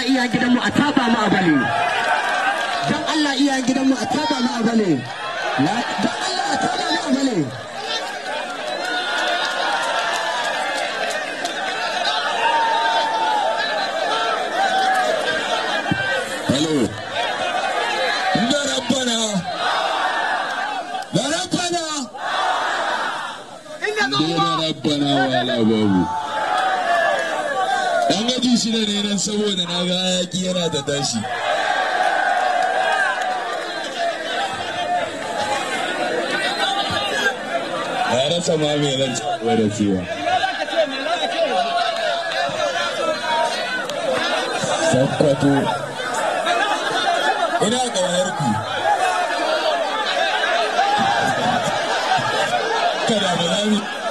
iya gidanmu a taba mu a bane don Allah iya gidanmu a taba mu a bane don Allah a taba mu a bane ربنا ولا بابو an ga shi da ne nan saboda na ga yaƙi yana ta tashi ya rasa ma mai zan tsawo da cewa sakwato ina ƙaunar ku kada ba za mu